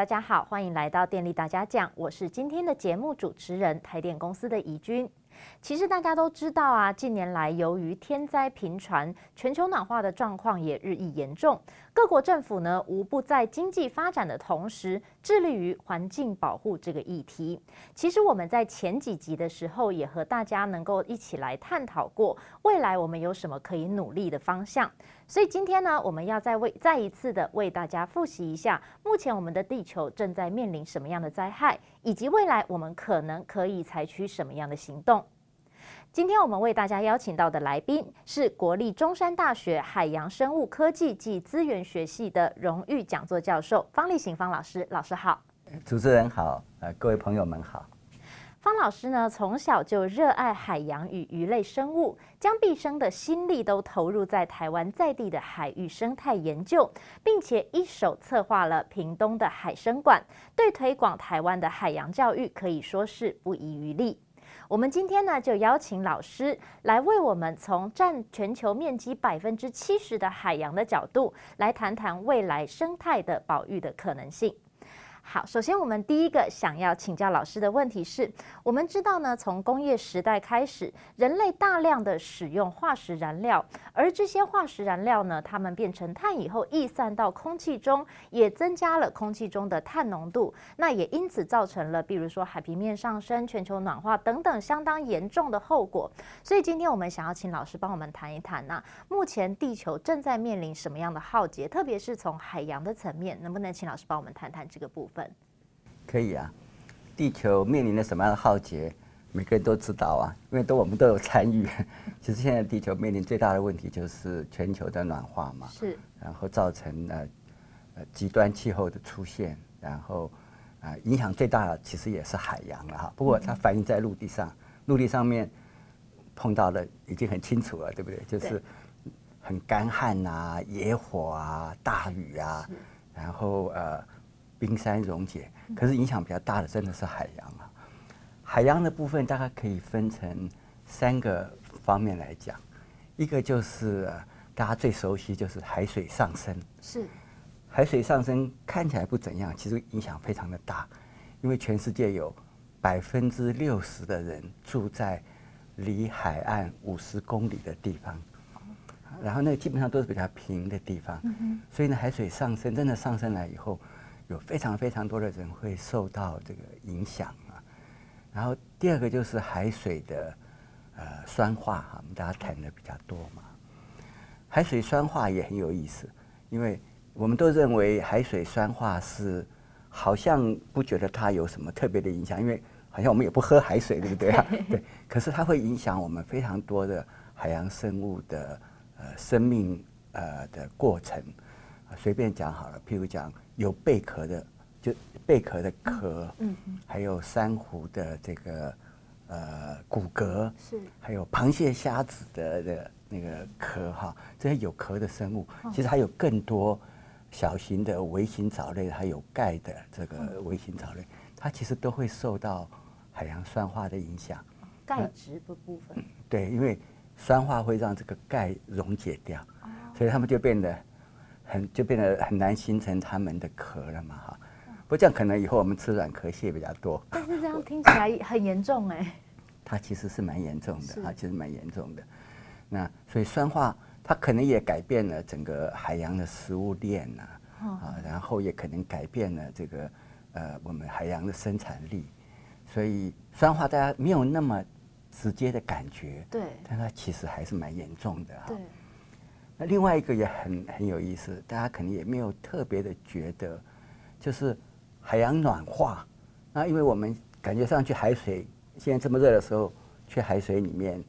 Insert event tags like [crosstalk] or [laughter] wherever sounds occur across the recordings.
大家好，歡迎來到電力大家講，我是今天的節目主持人，台電公司的怡君。其實大家都知道啊，近年來由於天災頻傳，全球暖化的狀況也日益嚴重。各國政府呢，無不在經濟發展的同時，致力於環境保護這個議題。其實我們在前幾集的時候，也和大家能夠一起來探討過，未來我們有什麼可以努力的方向。所以今天呢，我們要再為再一次的為大家複習一下，目前我們的地球正在面臨什麼樣的災害，以及未來我們可能可以採取什麼樣的行動。今天我們為大家邀請到的來賓是國立中山大學海洋生物科技暨資源學系的榮譽講座教授方力行方老師。老師好，主持人好，呃，各位朋友們好。方老師呢從小就熱愛海洋與魚類生物，將畢生的心力都投入在台灣在地的海域生態研究，並且一手策劃了屏東的海生館，對推廣台灣的海洋教育可以說是不遺餘力。我們今天呢，就邀請老師來為我們，從占全球面積百分之七十的海洋的角度，來談談未來生態的保育的可能性。好，首先我們第一個想要請教老師的問題是，我們知道呢，從工業時代開始，人類大量的使用化石燃料，而這些化石燃料呢，它們變成碳以後逸散到空氣中，也增加了空氣中的碳濃度，那也因此造成了，比如說海平面上升、全球暖化等等相當嚴重的後果。所以今天我們想要請老師幫我們談一談呢，啊，目前地球正在面臨什麼樣的浩劫，特別是從海洋的層面，能不能請老師幫我們談談這個部分？可以啊，地球面臨着什麼樣的浩劫，每個人都知道啊，因為都我們都有參與。其實現在地球面臨最大的問題就是全球的暖化嘛，是，然後造成呃，極端氣候的出現，然後啊、呃，影響最大的其實也是海洋了、啊、哈。不過它反映在陸地上，陸地上面碰到了已經很清楚了，對不對？就是很乾旱啊，野火啊，大雨啊，然後呃。冰山溶解，可是影響比較大的真的是海洋啊、嗯。海洋的部分大概可以分成三個方面來講，一個就是、呃、大家最熟悉，就是海水上升。是，海水上升看起來不怎樣，其實影響非常的大，因為全世界有百分之六十的人住在離海岸五十公里的地方，哦、然後那基本上都是比較平的地方，嗯、所以呢，海水上升真的上升來以後。有非常非常多的人會受到這個影響啊。然後第二個就是海水的呃酸化，哈，我們大家談的比較多嘛。海水酸化也很有意思，因為我們都認為海水酸化是好像不覺得它有什麼特別的影響，因為好像我們也不喝海水，對不對啊？對。可是它會影響我們非常多的海洋生物的呃生命呃的過程。啊。隨便講好了，譬如講。有貝殼的，就貝殼的殼，嗯，嗯，還有珊瑚的這個呃骨骼，是，還有螃蟹、蝦子的的那個殼哈，這些有殼的生物，哦，其實還有更多小型的微型藻類，還有鈣的這個微型藻類，它其實都會受到海洋酸化的影響。哦、鈣質的部分、嗯。對，因為酸化會讓這個鈣溶解掉，哦，所以它們就變得。很就變得很難形成它們的殼了嘛哈，不這樣可能以後我們吃軟殼蟹比較多。但是這樣聽起來很嚴重哎、欸。它其實是蠻嚴重的啊，其實蠻嚴重的。那所以酸化它可能也改變了整個海洋的食物鏈吶啊，啊，然後也可能改變了這個呃我們海洋的生產力。所以酸化大家沒有那麼直接的感覺，對，但它其實還是蠻嚴重的哈。那另外一個也很很有意思，大家可能也沒有特別的覺得，就是海洋暖化。那因為我們感覺上去海水，現在這麼熱的時候，去海水裡面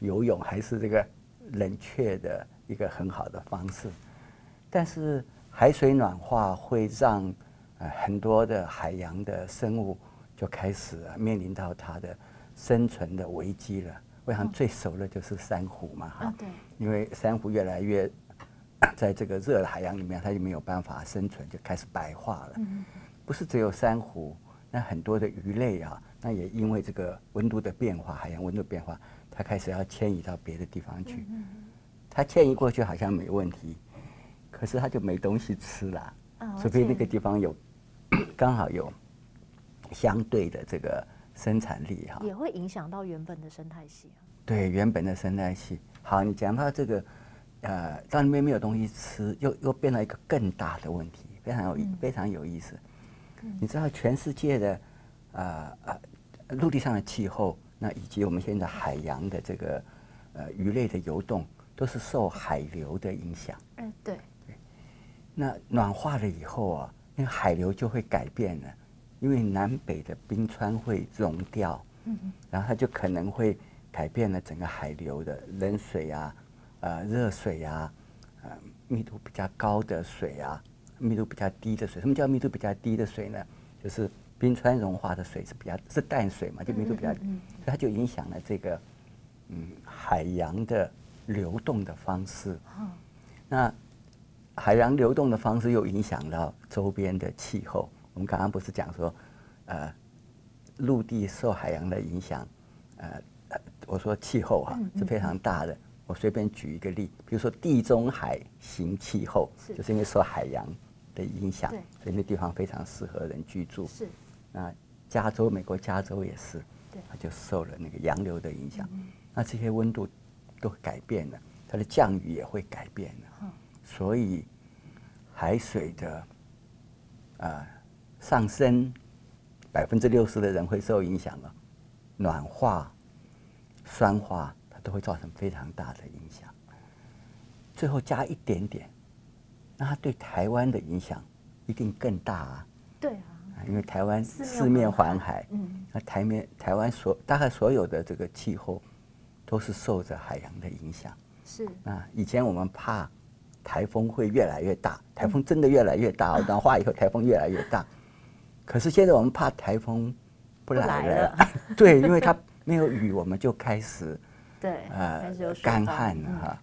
游泳還是這個冷卻的一個很好的方式。但是海水暖化會讓呃很多的海洋的生物就開始、啊、面臨到它的生存的危機了。我想最熟的就是珊瑚嘛，哈、哦啊，因為珊瑚越來越在這個熱的海洋裡面，它就沒有辦法生存，就開始白化了、嗯。不是只有珊瑚，那很多的魚類啊，那也因為這個溫度的變化，海洋溫度變化，它開始要遷移到別的地方去。嗯、它遷移過去好像沒問題，可是它就沒東西吃了，啊、除非那個地方有剛好有相對的這個。生產力哈，也會影響到原本的生態系、啊、對，原本的生態系。好，你講到這個，呃，當裡面沒有東西吃，又又變了一個更大的問題，非常有、嗯、非常有意思、嗯。你知道全世界的，呃呃，陸地上的氣候，那以及我們現在海洋的這個，呃，魚類的游動，都是受海流的影響。嗯，對。對。那暖化了以後啊，那個海流就會改變了。因為南北的冰川會融掉，嗯嗯，然後它就可能會改變了整個海流的冷水啊，呃，熱水呀、啊，呃，密度比較高的水啊，密度比較低的水。什麼叫密度比較低的水呢？就是冰川融化的水是比較是淡水嘛，就密度比較低，嗯嗯嗯，所以它就影響了這個嗯，海洋的流動的方式、哦。那海洋流動的方式又影響到周邊的氣候。我們剛剛不是講說，呃，陸地受海洋的影響，呃，我說氣候哈、啊嗯嗯、是非常大的。我隨便舉一個例，比如說地中海型氣候，是就是因為受海洋的影響，所以那地方非常適合人居住。是，那加州美國加州也是，它就受了那個洋流的影響嗯嗯。那這些溫度都改變了，它的降雨也會改變了。嗯、所以海水的啊。呃上升百分之六十的人會受影響了，暖化、酸化，它都會造成非常大的影響。最後加一點點，那它對台灣的影響一定更大啊！對啊，因為台灣四面環海，那台面台灣所大概所有的這個氣候都是受着海洋的影響。是啊，以前我們怕颱風會越來越大，颱風真的越來越大，啊。暖化以後，颱風越來越大。可是現在我們怕颱風不來了，不來了，啊，對，因為它沒有雨， [laughs] 我們就開始對呃始乾旱了哈，嗯啊。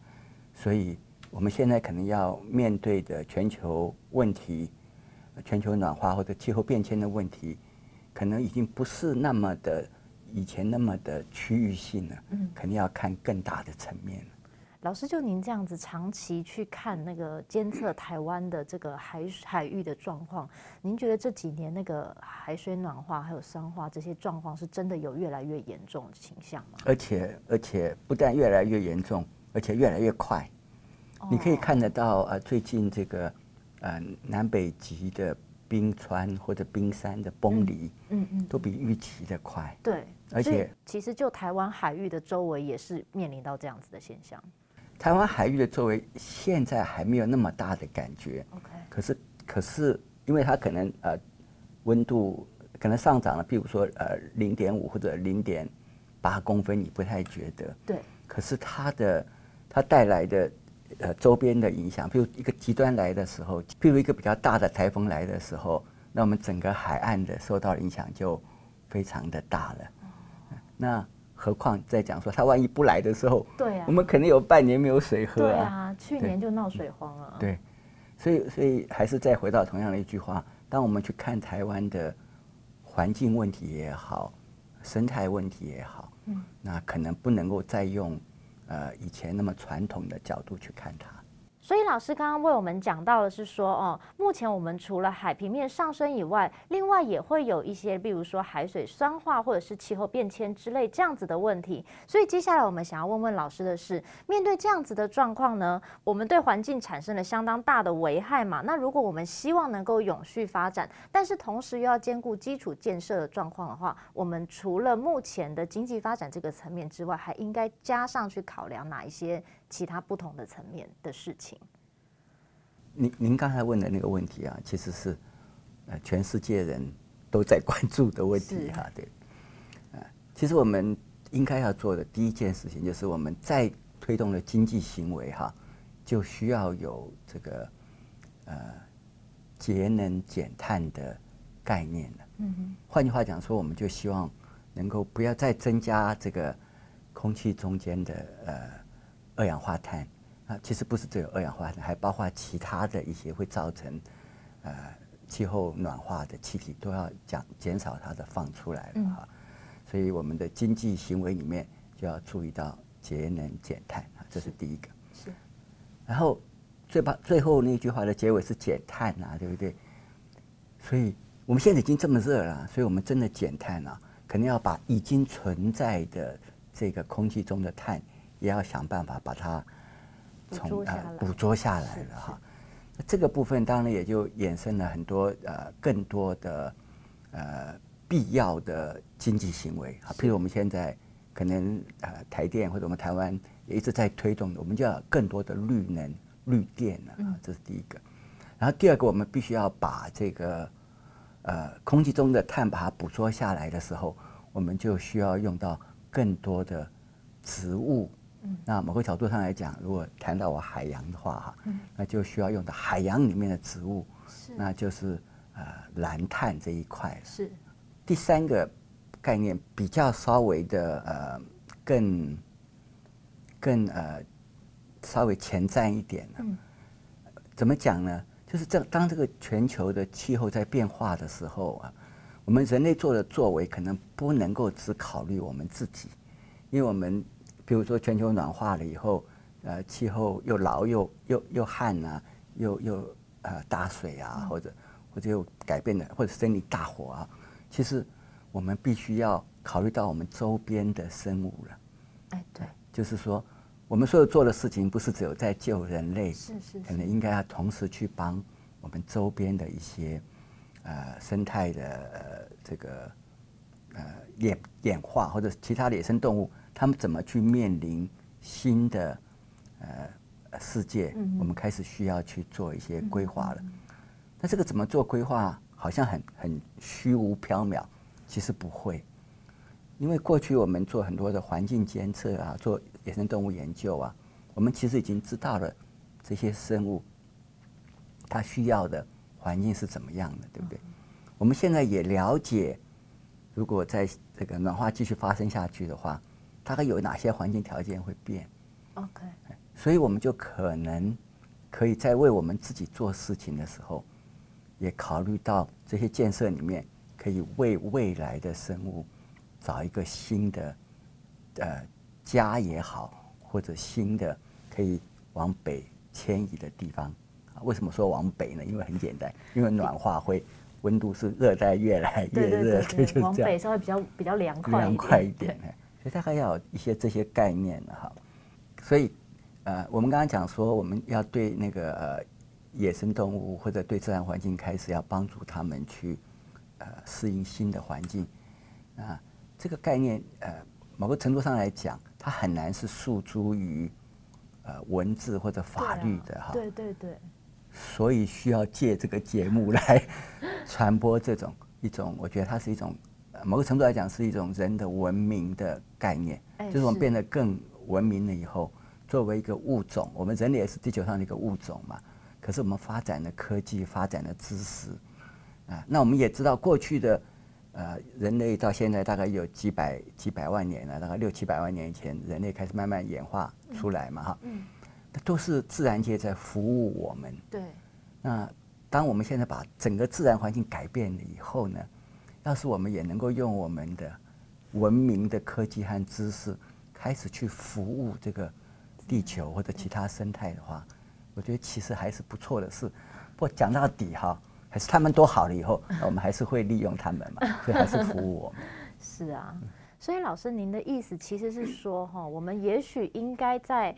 所以我們現在可能要面對的全球問題、全球暖化或者氣候變遷的問題，可能已經不是那麼的以前那麼的區域性了，嗯，肯定要看更大的層面了。老師，就您這樣子長期去看那個監測台灣的這個海海域的狀況，您覺得這幾年那個海水暖化還有酸化這些狀況，是真的有越來越嚴重的傾向嗎？而且而且不但越來越嚴重，而且越來越快。哦，你可以看得到，呃，最近這個呃南北極的冰川或者冰山的崩離，嗯，都比預期的快。對，嗯嗯嗯，而且其實就台灣海域的周圍也是面臨到這樣子的現象。台灣海域的周圍現在還沒有那麼大的感覺，可是可是，因為它可能呃溫度可能上漲了，比如說呃零點五或者零點八公分，你不太覺得，對，可是它的它帶來的呃週邊的影響，譬如一個極端來的時候，譬如一個比較大的颱風來的時候，那我們整個海岸的受到的影響就非常的大了，那，何況在講說，他萬一不來的時候，對啊，我們可能有半年沒有水喝啊，對啊，對啊，去年就鬧水荒了啊。對，對，所以所以還是再回到同樣的一句話，當我們去看台灣的環境問題也好，生態問題也好，嗯，那可能不能夠再用呃以前那麼傳統的角度去看它。所以老師剛剛為我們講到的是說，哦，目前我們除了海平面上升以外，另外也會有一些，比如說海水酸化或者是氣候變遷之類這樣子的問題。所以接下來我們想要問問老師的是，面對這樣子的狀況呢，我們對環境產生了相當大的危害嘛？那如果我們希望能夠永續發展，但是同時又要兼顧基礎建設的狀況的話，我們除了目前的經濟發展這個層面之外，還應該加上去考量哪一些？其他不同的層面的事情。您您剛才問的那個問題啊，其實是呃全世界人都在關注的問題哈、啊。對、呃，其實我們應該要做的第一件事情，就是我們再推動的經濟行為哈、啊，就需要有這個呃節能減碳的概念了、啊。換、嗯、句話講說，我們就希望能夠不要再增加這個空氣中間的呃。二氧化碳啊，其實不是只有二氧化碳，還包括其他的一些會造成呃氣候暖化的氣體，都要講減少它的放出來了哈、嗯啊。所以我們的經濟行為裡面就要注意到節能減碳啊，這是第一個。是。是然後最把最後那句話的結尾是減碳啊，對不對？所以我們現在已經這麼熱了，所以我們真的減碳啊，肯定要把已經存在的這個空氣中的碳。也要想辦法把它從呃捕捉下來了哈，那這個部分當然也就衍生了很多呃更多的呃必要的經濟行為啊，譬如我們現在可能呃台電或者我們台灣也一直在推動，我們就要有更多的綠能綠電啊，這是第一個、嗯。然後第二個，我們必須要把這個呃空氣中的碳把它捕捉下來的時候，我們就需要用到更多的植物。那某個角度上來講，如果談到我海洋的話哈、嗯，那就需要用到海洋裡面的植物，是，那就是呃藍碳這一塊。是，第三個概念比較稍微的呃更更呃稍微前瞻一點的、啊嗯，怎麼講呢？就是這當這個全球的氣候在變化的時候啊，我們人類做的作為可能不能夠只考慮我們自己，因為我們。比如說全球暖化了以後，呃，氣候又澇又又又旱啊，又又呃大水啊，嗯、或者或者又改變了，或者森林大火啊，其實我們必須要考慮到我們周邊的生物了。哎、欸，對，就是說我們所有做的事情，不是只有在救人類，是是，是，可能應該要同時去幫我們周邊的一些呃生態的、呃、這個呃演演化，或者其他的野生動物。他們怎麼去面臨新的呃世界、嗯？我們開始需要去做一些規劃了。嗯、那這個怎麼做規劃？好像很很虛無縹緲。其實不會，因為過去我們做很多的環境監測啊，做野生動物研究啊，我們其實已經知道了這些生物它需要的環境是怎麼樣的，對不對、哦？我們現在也了解，如果在這個暖化繼續發生下去的話。大概有哪些環境條件會變？OK，所以我們就可能可以在為我們自己做事情的時候，也考慮到這些建設裡面，可以為未來的生物找一個新的呃家也好，或者新的可以往北遷移的地方。為什麼說往北呢？因為很簡單，因為暖化會溫度是熱帶越來越熱，對，往北稍微比較比較涼快一點。所以大概要有一些這些概念哈，所以呃，我們剛剛講說，我們要對那個呃野生動物或者對自然環境開始要幫助他們去呃適應新的環境啊，這個概念呃，某個程度上來講，它很難是訴諸於呃文字或者法律的哈，啊，對對對，所以需要借這個節目來傳播這種一種，我覺得它是一種。某個程度來講，是一種人的文明的概念，就是我們變得更文明了以後，作為一個物種，我們人類也是地球上的一個物種嘛。可是我們發展了科技，發展了知識，啊，那我們也知道過去的，呃，人類到現在大概有幾百幾百萬年了，大概六七百萬年前，人類開始慢慢演化出來嘛，哈，那都是自然界在服務我們。對。那當我們現在把整個自然環境改變了以後呢？要是我們也能夠用我們的文明的科技和知識，開始去服務這個地球或者其他生態的話，我覺得其實還是不錯的事。不過講到底哈，還是他們都好了以後，我們還是會利用他們嘛，所以還是服務我們。 [laughs] 是啊，所以老師您的意思其實是說哈，我們也許應該在。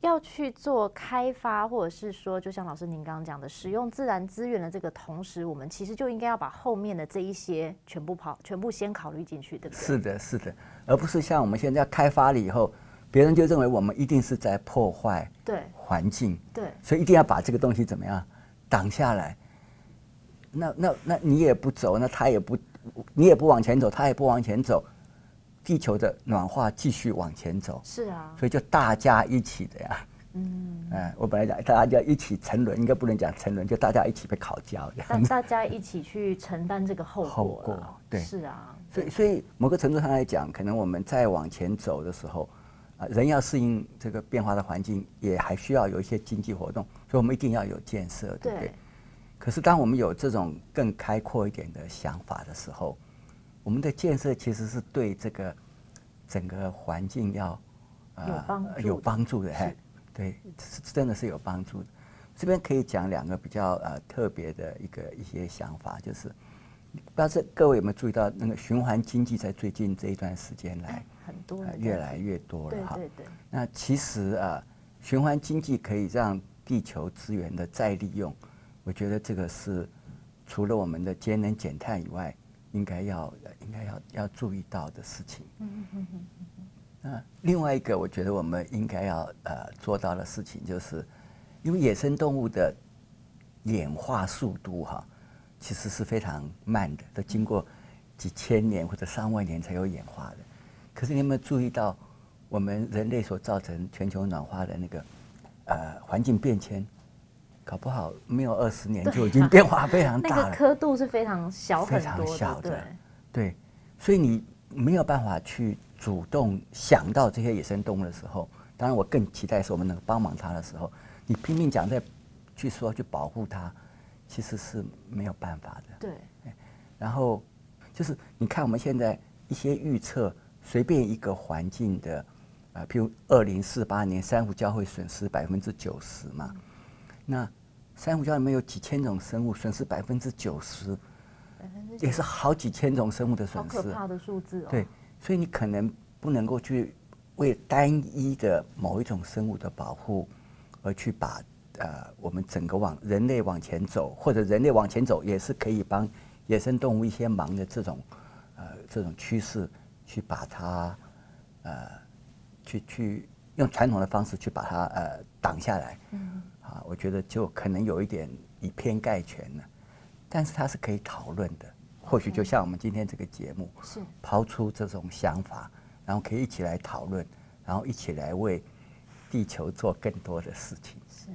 要去做開發，或者是說，就像老師您剛剛講的，使用自然資源的這個同時，我們其實就應該要把後面的這一些全部跑，全部先考慮進去，對不對？是的，是的，而不是像我們現在開發了以後，別人就認為我們一定是在破壞環境，對，對，所以一定要把這個東西怎麼樣擋下來。那那那你也不走，那他也不，你也不往前走，他也不往前走。地球的暖化繼續往前走，是啊，所以就大家一起的呀，嗯，哎、呃，我本來講大家要一起沉淪，應該不能講沉淪，就大家一起被烤焦，但大家一起去承擔這個後果，後果，對，是啊，所以所以某個程度上來講，可能我們再往前走的時候，啊、呃，人要適應這個變化的環境，也還需要有一些經濟活動，所以我們一定要有建設，對不對？對。可是當我們有這種更開闊一點的想法的時候。我們的建設其實是對這個整個環境要呃有幫助的。有幫助的，嘿對，是，是真的是有幫助的。這邊可以講兩個比較呃特別的一個一些想法，就是不知道各位有沒有注意到，那個循環經濟在最近這一段時間來、嗯、很多、呃，越來越多了哈。那其實啊、呃，循環經濟可以讓地球資源的再利用，我覺得這個是除了我們的節能減碳以外，應該要。應該要要注意到的事情。嗯嗯嗯嗯。另外一個我覺得我們應該要呃做到的事情，就是因為野生動物的演化速度哈、哦，其實是非常慢的，都經過幾千年或者上萬年才有演化的。可是你有沒有注意到，我們人類所造成全球暖化的那個呃環境變遷，搞不好沒有二十年就已經變化非常大了。啊、那個刻度是非常小，非常小的。對，所以你沒有辦法去主動想到這些野生動物的時候，當然我更期待是我們能幫忙它的時候，你拼命講再，去說去保護它，其實是沒有辦法的。對，然後就是你看我們現在一些預測，隨便一個環境的，啊、呃，譬如二零四八年珊瑚礁會損失百分之九十嘛，那珊瑚礁裡面有幾千種生物，損失百分之九十。也是好幾千種生物的損失，好可怕的數字哦！對，所以你可能不能夠去為單一的某一種生物的保護，而去把呃我們整個往人類往前走，或者人類往前走也是可以幫野生動物一些忙的這種呃這種趨勢，去把它呃去去用傳統的方式去把它呃擋下來。嗯，啊，我覺得就可能有一點以偏概全了，但是它是可以討論的。或許就像我們今天這個節目，是拋出這種想法，然後可以一起來討論，然後一起來為地球做更多的事情。是。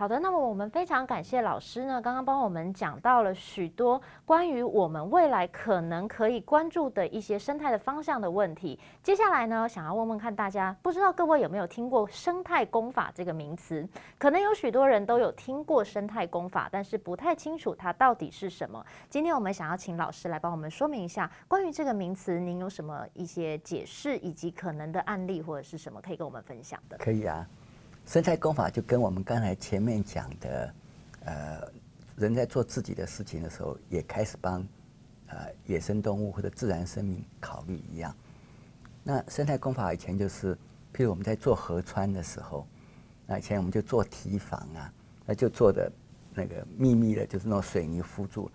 好的，那麼我們非常感謝老師呢，剛剛幫我們講到了許多關於我們未來可能可以關注的一些生態的方向的問題。接下來呢，想要問問看大家，不知道各位有沒有聽過“生態工法”這個名詞？可能有許多人都有聽過“生態工法”，但是不太清楚它到底是什麼。今天我們想要請老師來幫我們說明一下，關於這個名詞，您有什麼一些解釋，以及可能的案例或者是什麼可以跟我們分享的？可以啊。生態工法就跟我們剛才前面講的，呃，人在做自己的事情的時候，也開始幫呃野生動物或者自然生命考慮一樣。那生態工法以前就是，譬如我們在做河川的時候，那以前我們就做堤防啊，那就做的那個密密的，就是那種水泥敷住、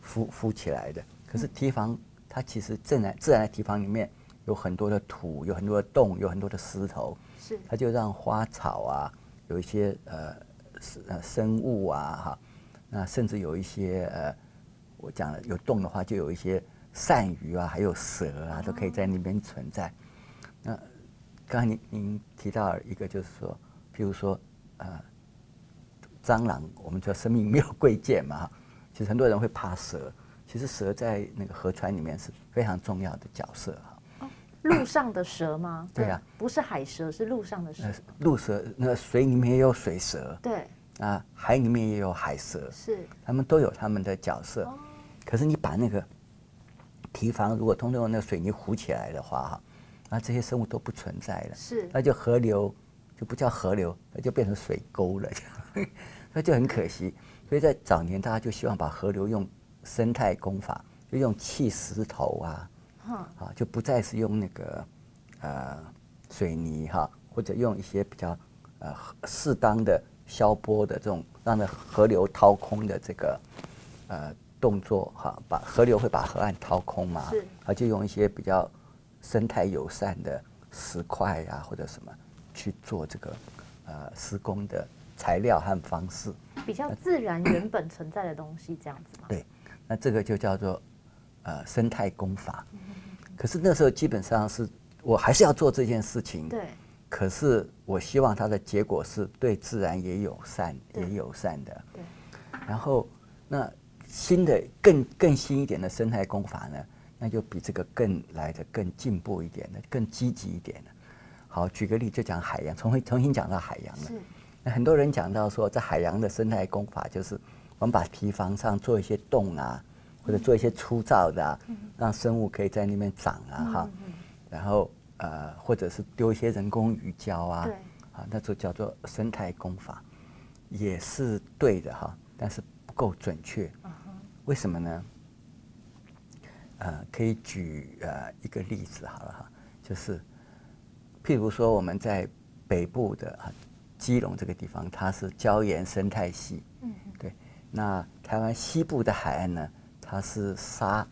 敷敷起來的。可是堤防它其實自然自然的堤防裡面。有很多的土，有很多的洞，有很多的石頭，是它就讓花草啊，有一些呃呃生物啊哈，那甚至有一些呃，我講了有洞的話，就有一些鱔魚啊，還有蛇啊，都可以在那邊存在。哦、那剛才您您提到一個就是說，譬如說呃蟑螂，我們知道生命沒有貴賤嘛哈，其實很多人會怕蛇，其實蛇在那個河川裡面是非常重要的角色陸上的蛇嗎？對，對啊，不是海蛇，是陸上的蛇。陸蛇，那水裡面也有水蛇。對啊，海裡面也有海蛇。是，他們都有他們的角色。哦、可是你把那個堤防如果通通用那個水泥糊起來的話，哈，那這些生物都不存在了。是，那就河流就不叫河流，那就變成水溝了。 [laughs] 那就很可惜。所以在早年，大家就希望把河流用生態工法，就用砌石頭啊。啊，就不再是用那個呃，水泥，哈，或者用一些比較呃，適當的消波的這種，讓那河流掏空的這個呃動作哈、啊，把河流會把河岸掏空嘛，啊，而就用一些比較生態友善的石塊呀、啊、或者什麼去做這個呃施工的材料和方式，比較自然原本存在的東西這樣子嘛、呃。對，那這個就叫做呃生態工法。可是那時候基本上是，我還是要做這件事情。可是我希望它的結果是對自然也友善，也友善的。然後，那新的更更新一點的生態工法呢？那就比這個更來的更進步一點的，更積極一點的。好，舉個例，就講海洋，重新重新講到海洋了。那很多人講到說，在海洋的生態工法，就是我們把堤防上做一些洞啊。或者做一些粗糙的啊，啊、嗯，讓生物可以在那邊長啊哈、嗯嗯，然後呃，或者是丟一些人工魚礁啊，啊，那就叫做生態工法，也是對的哈、啊，但是不夠準確、嗯，為什麼呢？呃，可以舉呃一個例子好了哈、啊，就是譬如說我們在北部的、啊、基隆這個地方，它是礁岩生態系，嗯，對，那台灣西部的海岸呢？它是沙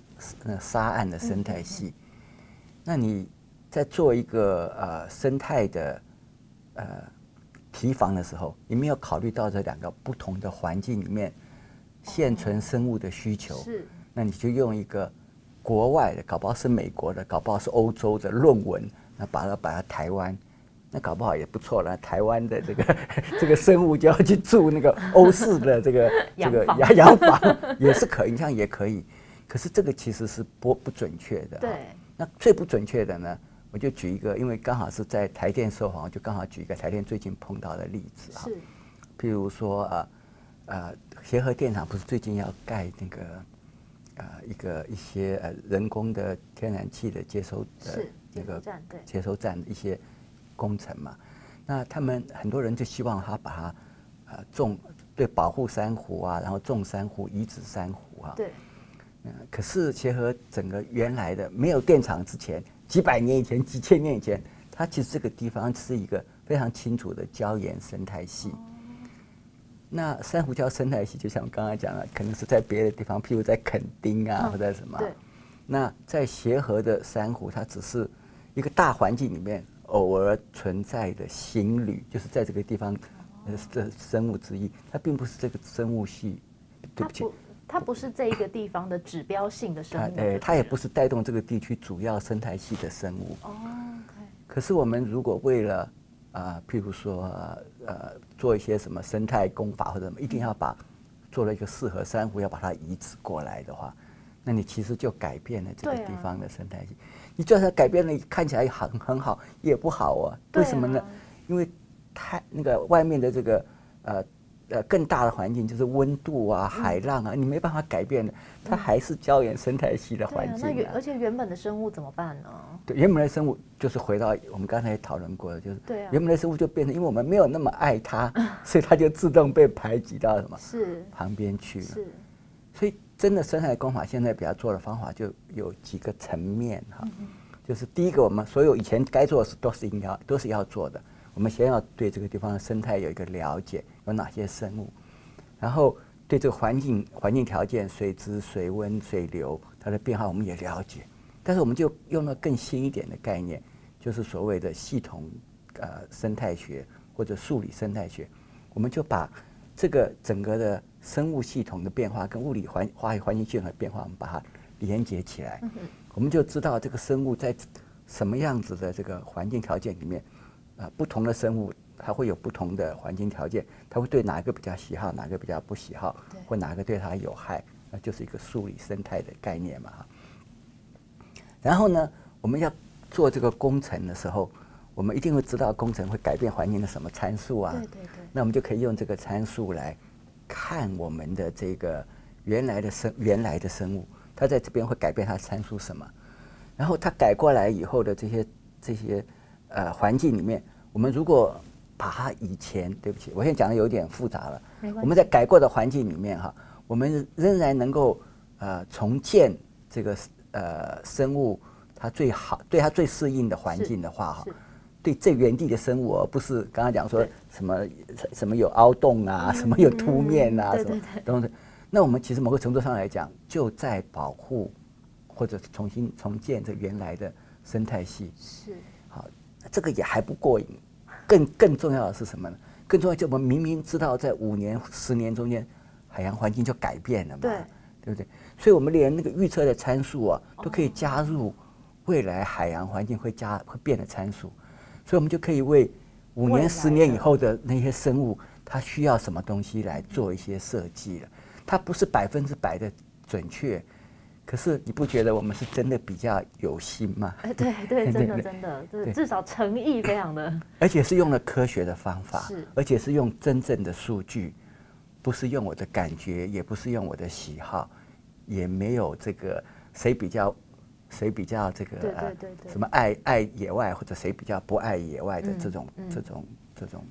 那沙岸的生態系、嗯。那你在做一個呃生態的呃堤防的時候，你沒有考慮到這兩個不同的環境裡面現存生物的需求、嗯是，那你就用一個國外的，搞不好是美國的，搞不好是歐洲的論文，那把它把它台灣。那搞不好也不錯了，台灣的這個 [laughs] 這個生物就要去住那個歐式的這個 [laughs] 洋這個洋房，也是可以，你像也可以，可是這個其實是不不準確的、哦。對。那最不準確的呢，我就舉一個，因為剛好是在台電受訪，我就剛好舉一個台電最近碰到的例子啊、哦。是。比如說啊啊，呃、協和電廠不是最近要蓋那個呃一個一些呃人工的天然氣的接收的那個接收站的一些。工程嘛，那他們很多人就希望他把它，呃、種對保護珊瑚啊，然後種珊瑚、移植珊瑚啊。對、嗯。可是協和整個原來的沒有電廠之前，幾百年以前、幾千年以前，它其實這個地方是一個非常清楚的礁岩生態系。哦、那珊瑚礁生態系，就像我剛才講的，可能是在別的地方，譬如在墾丁啊、哦，或者什麼。對。那在協和的珊瑚，它只是一個大環境裡面。偶爾存在的行旅，就是在這個地方，呃，這生物之一，它並不是這個生物系。對不起，它不，它不是這一個地方的指標性的生物的。它、呃呃、它也不是帶動這個地區主要生態系的生物。哦。Okay. 可是我們如果為了啊、呃，譬如說呃，做一些什麼生態工法或者什麼一定要把做了一個四合珊瑚，要把它移植過來的話。那你其實就改變了這個地方的生態系，啊，你就算改變了，看起來很很好，也不好哦。啊，為什麼呢？因為太那個外面的這個呃呃更大的環境就是溫度啊，海浪啊，嗯、你沒辦法改變的，它還是礁岩生態系的環境，啊啊。而且原本的生物怎麼辦呢？對，原本的生物就是回到我們剛才討論過的，就是對、啊、原本的生物就變成，因為我們沒有那麼愛它，所以它就自動被排擠到什麼 [laughs] 旁邊去了。是，所以。真的生態工法，現在比較做的方法就有幾個層面哈，嗯，就是第一個，我們所有以前該做的事都是應該都是要做的，我們先要對這個地方的生態有一個了解，有哪些生物，然後對這個環境環境條件、水質、水溫、水流它的變化我們也了解，但是我們就用了更新一點的概念，就是所謂的系統呃生態學或者數理生態學，我們就把。這個整個的生物系統的變化跟物理環、化學環境系統的變化，我們把它連接起來，我們就知道這個生物在什麼樣子的這個環境條件裡面啊，不同的生物它會有不同的環境條件，它會對哪個比較喜好，哪個比較不喜好，或哪個對它有害，那就是一個數理生態的概念嘛。哈，然後呢，我們要做這個工程的時候，我們一定會知道工程會改變環境的什麼參數啊？對對對。那我們就可以用這個參數來看我們的這個原來的生原來的生物，它在這邊會改變它參數什麼？然後它改過來以後的這些這些呃環境裡面，我們如果把它以前對不起，我現在講的有點複雜了，我們在改過的環境裡面哈，我們仍然能夠呃重建這個呃生物它最好對它最適應的環境的話哈。對這原地的生物，不是剛剛講說什麼什麼有凹洞啊、嗯，什麼有凸面啊，嗯、對對對什麼東西，對不對？那我們其實某個程度上來講，就在保護或者重新重建這原來的生態系。是。好，這個也還不過癮，更更重要的是什麼呢？更重要就我們明明知道在五年、十年中間，海洋環境就改變了嘛對，對不對？所以我們連那個預測的參數啊，都可以加入未來海洋環境會加會變的參數。所以，我們就可以為五年、十年以後的那些生物，它需要什麼東西來做一些設計了。它不是百分之百的準確，可是你不覺得我們是真的比較有心嗎？哎、欸，對對，真的真的， [laughs] 就是至少誠意非常的，而且是用了科學的方法，是而且是用真正的數據，不是用我的感覺，也不是用我的喜好，也沒有這個誰比較。誰比較這個，對對對對，什麼愛愛野外，或者誰比較不愛野外的這種、嗯嗯、這種這種，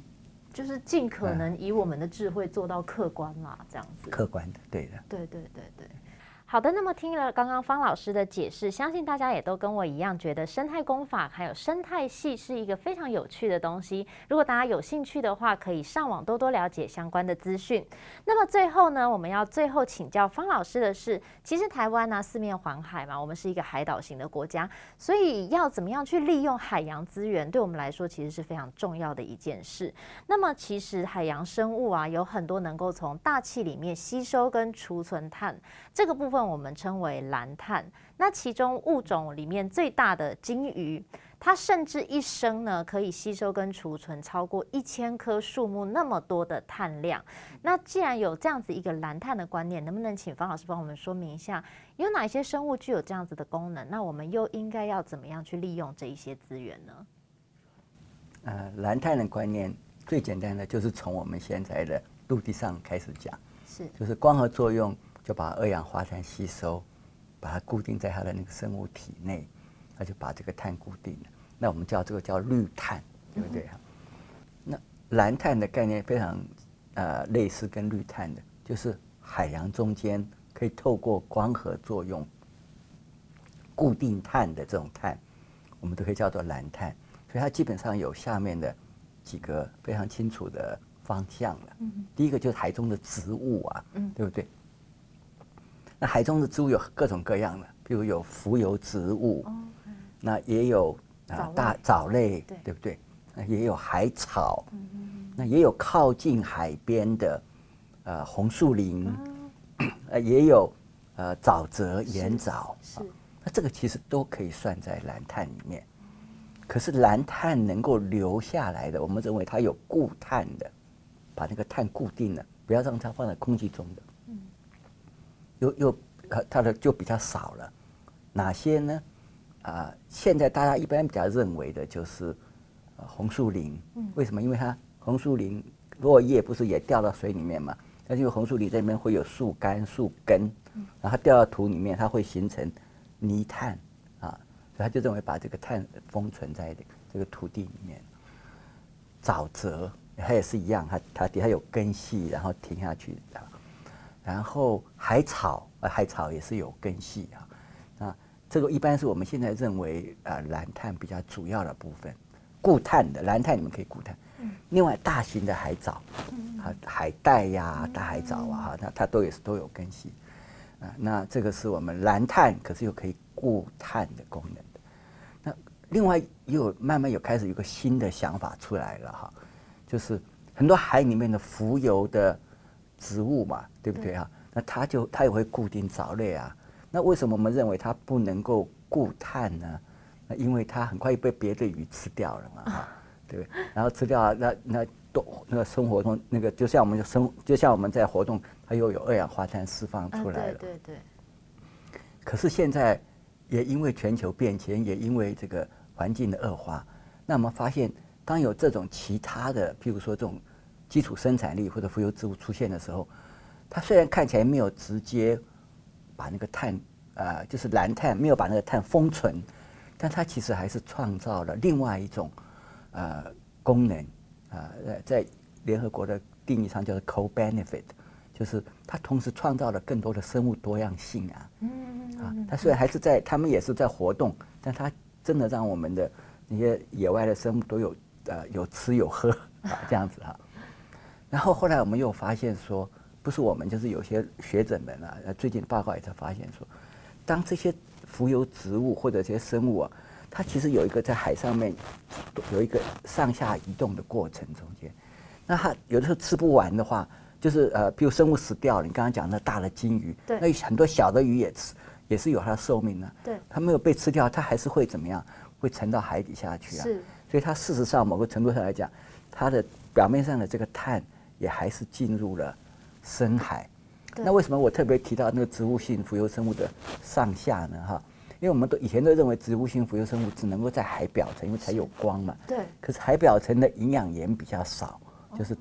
就是盡可能以我們的智慧，做到客觀嘛、嗯，這樣子。客觀的，對的。對對對對。好的，那麼聽了剛剛方老師的解釋，相信大家也都跟我一樣，覺得生態工法還有生態系是一個非常有趣的東西。如果大家有興趣的話，可以上網多多了解相關的資訊。那麼最後呢，我們要最後請教方老師的是，其實台灣呢，啊，四面環海嘛，我們是一個海島型的國家，所以要怎麼樣去利用海洋資源，對我們來說其實是非常重要的一件事。那麼其實海洋生物啊，有很多能夠從大氣裡面吸收跟儲存碳這個部分，我們稱為藍碳，那其中物種裡面最大的鯨魚，它甚至一生呢可以吸收跟儲存超過一千棵樹木那麼多的碳量。那既然有這樣子一個藍碳的觀念，能不能請方老師幫我們說明一下，有哪些生物具有這樣子的功能？那我們又應該要怎麼樣去利用這一些資源呢？呃，藍碳的觀念最簡單的就是從我們現在的陸地上開始講，是，就是光合作用。就把二氧化碳吸收，把它固定在它的那個生物體內，它就把這個碳固定了。那我們叫這個叫綠碳，對不對哈、嗯？那藍碳的概念非常呃類似跟綠碳的，就是海洋中間可以透過光合作用固定碳的這種碳，我們都可以叫做藍碳。所以它基本上有下面的幾個非常清楚的方向了。嗯。第一個就是海中的植物啊，嗯，對不對？那海中的植物有各種各樣的，比如有浮游植物，哦嗯、那也有啊大藻類對，對不對？那也有海草、嗯，那也有靠近海邊的呃紅樹林，呃、嗯、也有呃沼澤鹽藻、是啊。那這個其實都可以算在藍碳裡面、嗯。可是藍碳能夠留下來的，我們認為它有固碳的，把那個碳固定了，不要讓它放在空氣中的。又又、呃，它的就比較少了。哪些呢？啊、呃，現在大家一般比較認為的就是、呃、紅樹林、嗯。為什麼？因為它紅樹林落葉不是也掉到水裡面嘛？而就紅樹林這邊會有樹幹、樹根，然後它掉到土裡面，它會形成泥炭啊。所以他就認為把這個碳封存在這個土地裡面。沼澤它也是一樣，它它底下有根系，然後停下去、啊然後海草、啊，海草也是有根系啊，啊，這個一般是我們現在認為，呃，藍碳比較主要的部分，固碳的藍碳你們可以固碳。嗯、另外，大型的海藻，啊、海帶呀、啊，大海藻啊，哈、嗯，它、啊、它都也是都有根系，啊，那這個是我們藍碳，可是又可以固碳的功能的。那另外，也有慢慢有開始有個新的想法出來了哈、啊，就是很多海裡面的浮游的。植物嘛，對不對啊？那它就它也會固定藻類啊。那為什麼我們認為它不能夠固碳呢？那因為它很快又被別的魚吃掉了嘛，對不對？哦。然後吃掉了，那那都那個生活中那個，就像我們就生，就像我們在活動，它又有二氧化碳釋放出來了。啊，對對對。可是現在也因為全球變遷，也因為這個環境的惡化，那我們發現當有這種其他的，譬如說這種。基礎生產力或者浮游植物出現的時候，它雖然看起來沒有直接把那個碳，呃，就是藍碳沒有把那個碳封存，但它其實還是創造了另外一種，呃，功能，啊、呃，在聯合國的定義上叫做 co-benefit，就是它同時創造了更多的生物多樣性啊，嗯，啊，它雖然還是在，他們也是在活動，但它真的讓我們的那些野外的生物都有，呃，有吃有喝啊，這樣子哈。啊然後後來我們又發現說，不是我們，就是有些學者們啊，最近報告也在發現說，當這些浮游植物或者這些生物啊，它其實有一個在海上面有一個上下移動的過程中間，那它有的時候吃不完的話，就是呃，比如生物死掉了，你剛剛講那大的鯨魚，對那有很多小的魚也吃，也是有它的壽命、啊、對它沒有被吃掉，它還是會怎麼樣？會沉到海底下去啊。是所以它事實上某個程度上來講，它的表面上的這個碳。也還是進入了深海，那為什麼我特別提到那個植物性浮游生物的上下呢？哈，因為我們都以前都認為植物性浮游生物只能夠在海表層，因為才有光嘛。對。可是海表層的營養鹽比較少，哦、就是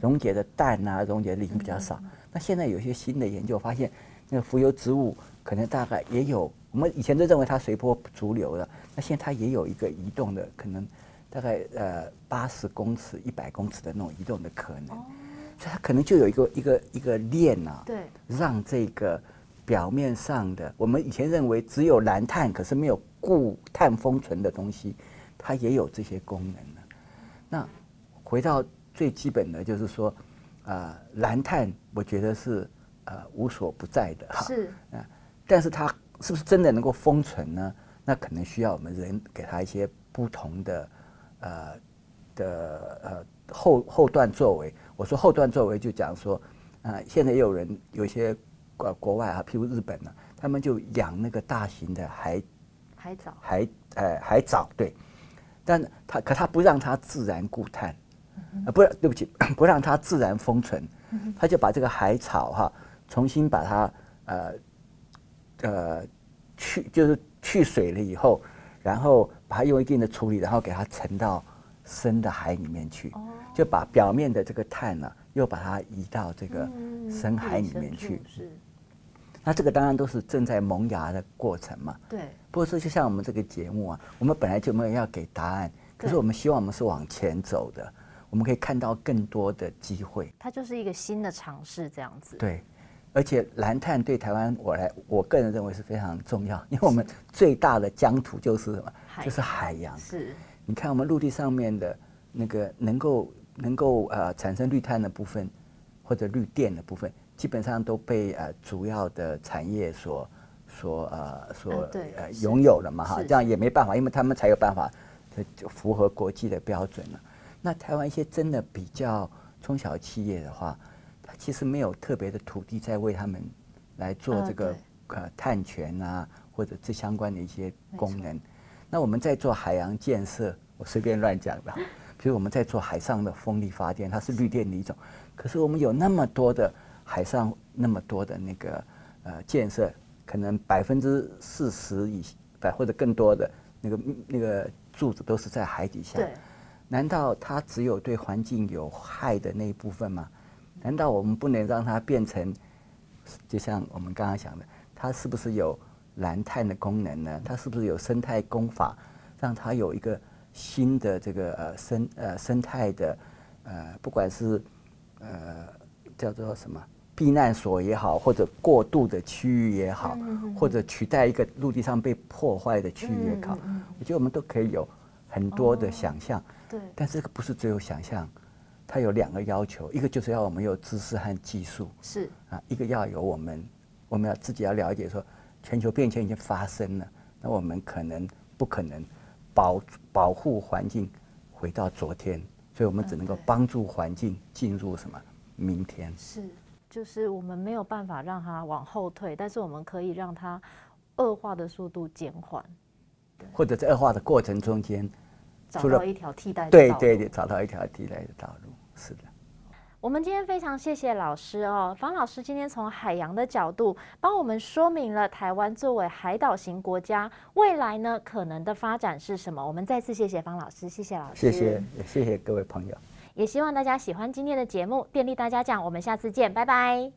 溶解的氮吶、啊、嗯、溶解的磷比較少嗯嗯。那現在有一些新的研究發現，那個浮游植物可能大概也有，我們以前都認為它隨波逐流了，那現在它也有一個移動的可能。大概呃八十公尺、一百公尺的那種移動的可能，Oh. 所以它可能就有一個一個一個鏈啊，對，讓這個表面上的我們以前認為只有藍碳，可是沒有固碳封存的東西，它也有這些功能了、啊。那回到最基本的就是說，啊、呃，藍碳我覺得是呃無所不在的哈，是啊、呃，但是它是不是真的能夠封存呢？那可能需要我們人給它一些不同的。呃，的呃後後段作為，我說後段作為就講說，啊，現在也有人有些國國外啊，譬如日本呢，他們就養那個大型的海海藻，海呃海藻對，但他可他不讓它自然固碳啊，嗯，不是對不起，不讓它自然封存，他就把這個海草哈重新把它呃呃去就是去水了以後。然後把它用一定的處理，然後給它沉到深的海裡面去，哦、就把表面的這個碳呢、啊，又把它移到這個深海裡面去、嗯是。那這個當然都是正在萌芽的過程嘛。對。不過，說就像我們這個節目啊，我們本來就沒有要給答案，可是我們希望我們是往前走的，我們可以看到更多的機會。它就是一個新的嘗試，這樣子。對。而且藍碳對台灣，我來我個人認為是非常重要，因為我們最大的疆土，就是什麼？就是海洋。是。你看我們陸地上面的那個能夠能夠呃產生綠碳的部分，或者綠電的部分，基本上都被呃主要的產業所所呃所、啊、對呃擁有了嘛哈？這樣也沒辦法，因為他們才有辦法，就符合國際的標準了。那台灣一些真的比較中小企業的話。其實沒有特別的土地在為他們來做這個呃碳權啊，okay. 或者這相關的一些功能。那我們在做海洋建設，我隨便亂講吧。 [laughs] 比如我們在做海上的風力發電，它是綠電的一種。可是我們有那麼多的海上那麼多的那個呃建設，可能百分之四十以上或者更多的那個那個柱子都是在海底下。對，難道它只有對環境有害的那一部分嗎？難道我們不能讓它變成，就像我們剛剛講的，它是不是有藍碳的功能呢？它是不是有生態功法，讓它有一個新的這個呃生呃生態的呃，不管是呃叫做什麼避難所也好，或者過渡的區域也好，嗯嗯，或者取代一個陸地上被破壞的區域也好，嗯嗯，我覺得我們都可以有很多的想象。哦、對，但這個不是只有想象。它有兩個要求，一個就是要我們有知識和技術，是啊，一個要有我們，我們要自己要了解說，全球變遷已經發生了，那我們可能不可能保保護環境回到昨天，所以我們只能夠幫助環境進入什麼、嗯、明天。是，就是我們沒有辦法讓它往後退，但是我們可以讓它惡化的速度減緩，或者在惡化的過程中間找到一條替代的是是，對對對，找到一條替代的道路，是的。我們今天非常謝謝老師哦，方老師今天從海洋的角度幫我們說明了台灣作為海島型國家未來呢，可能的發展是什麼。我們再次謝謝方老師，謝謝老師，謝謝也謝謝各位朋友，也希望大家喜歡今天的節目，電力大家講，我們下次見，拜拜。